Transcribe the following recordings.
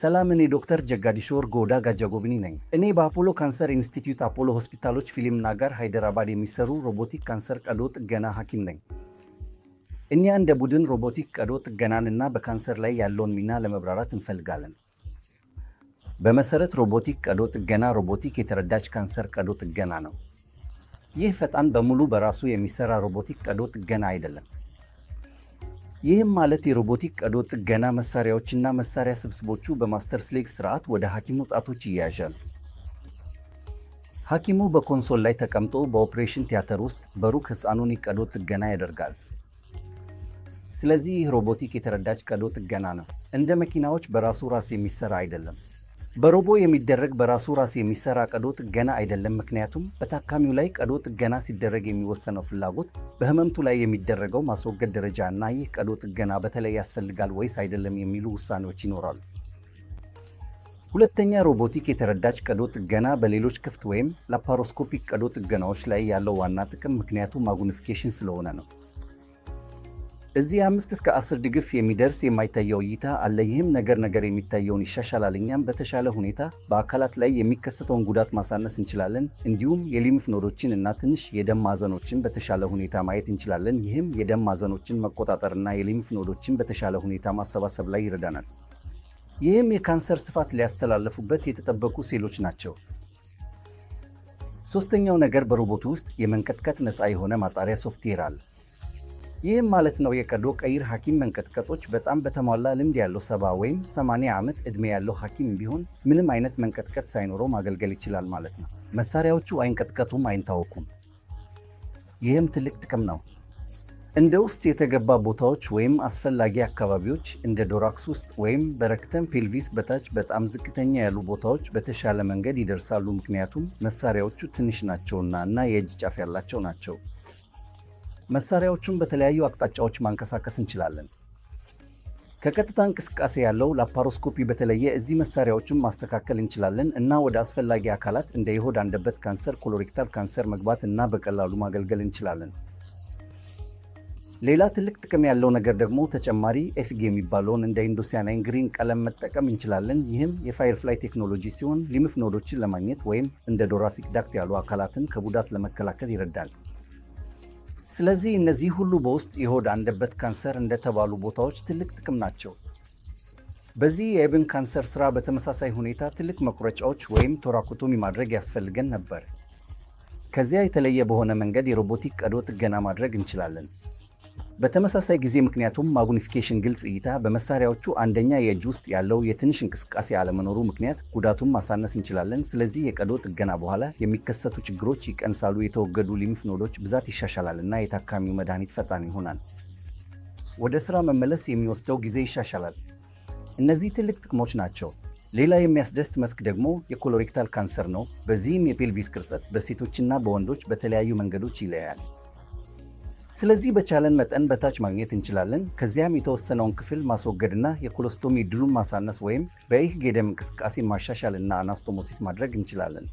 ሰላም፣ እኔ ዶክተር ጀጋዲሾር ጎዳ ጋጃጎብኒ ነኝ። እኔ በአፖሎ ካንሰር ኢንስቲትዩት አፖሎ ሆስፒታሎች ፊልምና ጋር ሃይደራባድ የሚሰሩ ሮቦቲክ ካንሰር ቀዶ ጥገና ሐኪም ነኝ። እኛ እንደ ቡድን ሮቦቲክ ቀዶ ጥገናንና በካንሰር ላይ ያለውን ሚና ለመብራራት እንፈልጋለን። በመሰረት ሮቦቲክ ቀዶ ጥገና ሮቦቲክ የተረዳች ካንሰር ቀዶ ጥገና ነው። ይህ ፈጣን በሙሉ በራሱ የሚሰራ ሮቦቲክ ቀዶ ጥገና አይደለም። ይህም ማለት የሮቦቲክ ቀዶ ጥገና መሳሪያዎችና መሳሪያ ስብስቦቹ በማስተር ስሌክ ስርዓት ወደ ሐኪሙ ጣቶች ይያያዣል። ሐኪሙ በኮንሶል ላይ ተቀምጦ በኦፕሬሽን ቲያትር ውስጥ በሩቅ ህፃኑን የቀዶ ጥገና ያደርጋል። ስለዚህ ይህ ሮቦቲክ የተረዳች ቀዶ ጥገና ነው። እንደ መኪናዎች በራሱ ራስ የሚሰራ አይደለም። በሮቦ የሚደረግ በራሱ ራስ የሚሰራ ቀዶ ጥገና አይደለም። ምክንያቱም በታካሚው ላይ ቀዶ ጥገና ሲደረግ የሚወሰነው ፍላጎት በህመምቱ ላይ የሚደረገው ማስወገድ ደረጃ እና ይህ ቀዶ ጥገና በተለይ ያስፈልጋል ወይስ አይደለም የሚሉ ውሳኔዎች ይኖራሉ። ሁለተኛ፣ ሮቦቲክ የተረዳች ቀዶ ጥገና በሌሎች ክፍት ወይም ላፓሮስኮፒክ ቀዶ ጥገናዎች ላይ ያለው ዋና ጥቅም ምክንያቱ ማጉኒፊኬሽን ስለሆነ ነው። እዚህ አምስት እስከ አስር ድግፍ የሚደርስ የማይታየው እይታ አለ። ይህም ነገር ነገር የሚታየውን ይሻሻላል። እኛም በተሻለ ሁኔታ በአካላት ላይ የሚከሰተውን ጉዳት ማሳነስ እንችላለን። እንዲሁም የሊምፍ ኖዶችን እና ትንሽ የደም ማዘኖችን በተሻለ ሁኔታ ማየት እንችላለን። ይህም የደም ማዕዘኖችን መቆጣጠርና የሊምፍ ኖዶችን በተሻለ ሁኔታ ማሰባሰብ ላይ ይረዳናል። ይህም የካንሰር ስፋት ሊያስተላለፉበት የተጠበቁ ሴሎች ናቸው። ሶስተኛው ነገር በሮቦቱ ውስጥ የመንቀጥቀጥ ነፃ የሆነ ማጣሪያ ሶፍትዌር አለ። ይህም ማለት ነው የቀዶ ቀይር ሐኪም መንቀጥቀጦች በጣም በተሟላ ልምድ ያለው ሰባ ወይም ሰማንያ ዓመት ዕድሜ ያለው ሐኪም ቢሆን ምንም አይነት መንቀጥቀጥ ሳይኖረው ማገልገል ይችላል ማለት ነው። መሳሪያዎቹ አይንቀጥቀጡም፣ አይንታወቁም። ይህም ትልቅ ጥቅም ነው። እንደ ውስጥ የተገባ ቦታዎች ወይም አስፈላጊ አካባቢዎች እንደ ዶራክስ ውስጥ ወይም በረክተም ፔልቪስ በታች በጣም ዝቅተኛ ያሉ ቦታዎች በተሻለ መንገድ ይደርሳሉ፣ ምክንያቱም መሳሪያዎቹ ትንሽ ናቸውና እና የእጅ ጫፍ ያላቸው ናቸው። መሳሪያዎቹን በተለያዩ አቅጣጫዎች ማንቀሳቀስ እንችላለን። ከቀጥታ እንቅስቃሴ ያለው ላፓሮስኮፒ በተለየ እዚህ መሳሪያዎችን ማስተካከል እንችላለን እና ወደ አስፈላጊ አካላት እንደ የሆድ አንደበት ካንሰር፣ ኮሎሬክታል ካንሰር መግባት እና በቀላሉ ማገልገል እንችላለን። ሌላ ትልቅ ጥቅም ያለው ነገር ደግሞ ተጨማሪ ኤፍግ የሚባለውን እንደ ኢንዶሲያናይን ግሪን ቀለም መጠቀም እንችላለን። ይህም የፋይርፍላይ ቴክኖሎጂ ሲሆን ሊምፍ ኖዶችን ለማግኘት ወይም እንደ ዶራሲክ ዳክት ያሉ አካላትን ከጉዳት ለመከላከል ይረዳል። ስለዚህ እነዚህ ሁሉ በውስጥ የሆድ አንደበት ካንሰር እንደተባሉ ቦታዎች ትልቅ ጥቅም ናቸው። በዚህ የእብን ካንሰር ስራ በተመሳሳይ ሁኔታ ትልቅ መቁረጫዎች ወይም ቶራኮቶሚ ማድረግ ያስፈልገን ነበር። ከዚያ የተለየ በሆነ መንገድ የሮቦቲክ ቀዶ ጥገና ማድረግ እንችላለን። በተመሳሳይ ጊዜ ምክንያቱም ማግኒፊኬሽን ግልጽ እይታ በመሳሪያዎቹ አንደኛ የእጅ ውስጥ ያለው የትንሽ እንቅስቃሴ አለመኖሩ ምክንያት ጉዳቱን ማሳነስ እንችላለን። ስለዚህ የቀዶ ጥገና በኋላ የሚከሰቱ ችግሮች ይቀንሳሉ፣ የተወገዱ ሊምፍ ኖዶች ብዛት ይሻሻላል እና የታካሚው መድኃኒት ፈጣን ይሆናል። ወደ ስራ መመለስ የሚወስደው ጊዜ ይሻሻላል። እነዚህ ትልቅ ጥቅሞች ናቸው። ሌላ የሚያስደስት መስክ ደግሞ የኮሎሬክታል ካንሰር ነው። በዚህም የፔልቪስ ቅርጸት በሴቶችና በወንዶች በተለያዩ መንገዶች ይለያል። ስለዚህ በቻለን መጠን በታች ማግኘት እንችላለን። ከዚያም የተወሰነውን ክፍል ማስወገድና የኮሎስቶሚ ድሉን ማሳነስ ወይም በይህ ጌደም እንቅስቃሴ ማሻሻልና አናስቶሞሲስ ማድረግ እንችላለን።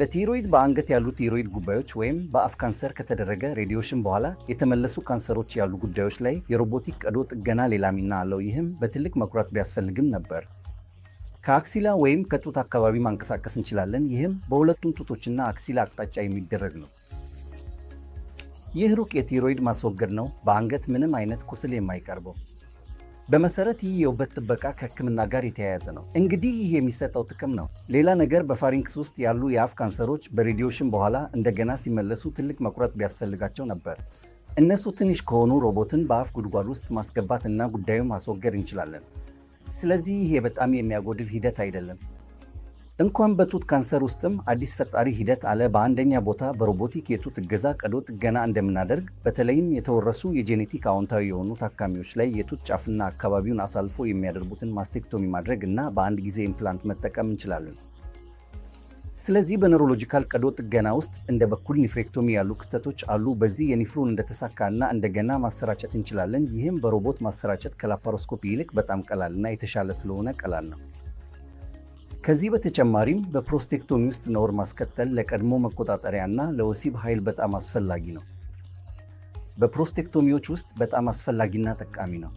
ለቲሮይድ በአንገት ያሉ ቲሮይድ ጉባዮች ወይም በአፍ ካንሰር ከተደረገ ሬዲዮሽን በኋላ የተመለሱ ካንሰሮች ያሉ ጉዳዮች ላይ የሮቦቲክ ቀዶ ጥገና ሌላ ሚና አለው። ይህም በትልቅ መኩራት ቢያስፈልግም ነበር። ከአክሲላ ወይም ከጡት አካባቢ ማንቀሳቀስ እንችላለን። ይህም በሁለቱም ጡቶችና አክሲላ አቅጣጫ የሚደረግ ነው። ይህ ሩቅ የቲሮይድ ማስወገድ ነው። በአንገት ምንም አይነት ቁስል የማይቀርበው በመሰረት ይህ የውበት ጥበቃ ከህክምና ጋር የተያያዘ ነው። እንግዲህ ይህ የሚሰጠው ጥቅም ነው። ሌላ ነገር በፋሪንክስ ውስጥ ያሉ የአፍ ካንሰሮች በሬዲዮሽን በኋላ እንደገና ሲመለሱ ትልቅ መቁረጥ ቢያስፈልጋቸው ነበር። እነሱ ትንሽ ከሆኑ ሮቦትን በአፍ ጉድጓድ ውስጥ ማስገባት እና ጉዳዩን ማስወገድ እንችላለን። ስለዚህ ይሄ በጣም የሚያጎድል ሂደት አይደለም። እንኳን በጡት ካንሰር ውስጥም አዲስ ፈጣሪ ሂደት አለ። በአንደኛ ቦታ በሮቦቲክ የጡት እገዛ ቀዶ ጥገና እንደምናደርግ በተለይም የተወረሱ የጄኔቲክ አዎንታዊ የሆኑ ታካሚዎች ላይ የጡት ጫፍና አካባቢውን አሳልፎ የሚያደርጉትን ማስቴክቶሚ ማድረግ እና በአንድ ጊዜ ኢምፕላንት መጠቀም እንችላለን። ስለዚህ በኒውሮሎጂካል ቀዶ ጥገና ውስጥ እንደ በኩል ኒፍሬክቶሚ ያሉ ክስተቶች አሉ። በዚህ የኒፍሩን እንደተሳካና እንደገና ማሰራጨት እንችላለን። ይህም በሮቦት ማሰራጨት ከላፓሮስኮፒ ይልቅ በጣም ቀላልና የተሻለ ስለሆነ ቀላል ነው። ከዚህ በተጨማሪም በፕሮስቴክቶሚ ውስጥ ነውር ማስከተል ለቀድሞ መቆጣጠሪያና ለወሲብ ኃይል በጣም አስፈላጊ ነው። በፕሮስቴክቶሚዎች ውስጥ በጣም አስፈላጊና ጠቃሚ ነው።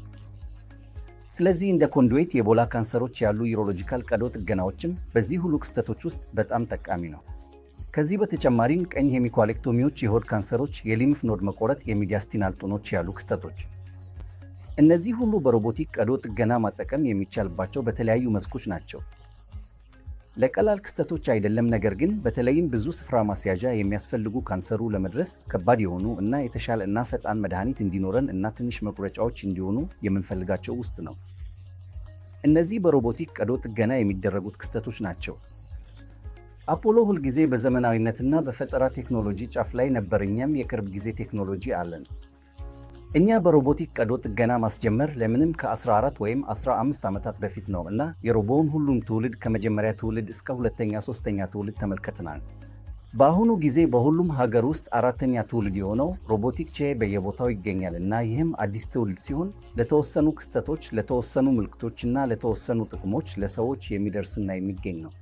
ስለዚህ እንደ ኮንዶዌት የቦላ ካንሰሮች ያሉ ዩሮሎጂካል ቀዶ ጥገናዎችም በዚህ ሁሉ ክስተቶች ውስጥ በጣም ጠቃሚ ነው። ከዚህ በተጨማሪም ቀኝ ሄሚኮሌክቶሚዎች፣ የሆድ ካንሰሮች፣ የሊምፍ ኖድ መቆረጥ፣ የሚዲያስቲናል ጡኖች ያሉ ክስተቶች እነዚህ ሁሉ በሮቦቲክ ቀዶ ጥገና ማጠቀም የሚቻልባቸው በተለያዩ መስኮች ናቸው። ለቀላል ክስተቶች አይደለም፣ ነገር ግን በተለይም ብዙ ስፍራ ማስያዣ የሚያስፈልጉ ካንሰሩ ለመድረስ ከባድ የሆኑ እና የተሻለ እና ፈጣን መድኃኒት እንዲኖረን እና ትንሽ መቁረጫዎች እንዲሆኑ የምንፈልጋቸው ውስጥ ነው። እነዚህ በሮቦቲክ ቀዶ ጥገና የሚደረጉት ክስተቶች ናቸው። አፖሎ ሁልጊዜ በዘመናዊነትና በፈጠራ ቴክኖሎጂ ጫፍ ላይ ነበር። እኛም የቅርብ ጊዜ ቴክኖሎጂ አለን። እኛ በሮቦቲክ ቀዶ ጥገና ማስጀመር ለምንም ከ14 ወይም 15 ዓመታት በፊት ነው እና የሮቦውን ሁሉም ትውልድ ከመጀመሪያ ትውልድ እስከ ሁለተኛ ሶስተኛ ትውልድ ተመልከትናል። በአሁኑ ጊዜ በሁሉም ሀገር ውስጥ አራተኛ ትውልድ የሆነው ሮቦቲክ ቼ በየቦታው ይገኛል እና ይህም አዲስ ትውልድ ሲሆን ለተወሰኑ ክስተቶች፣ ለተወሰኑ ምልክቶችና ለተወሰኑ ጥቅሞች ለሰዎች የሚደርስና የሚገኝ ነው።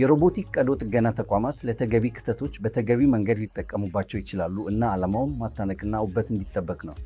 የሮቦቲክ ቀዶ ጥገና ተቋማት ለተገቢ ክስተቶች በተገቢ መንገድ ሊጠቀሙባቸው ይችላሉ እና ዓላማውም ማታነቅና ውበት እንዲጠበቅ ነው።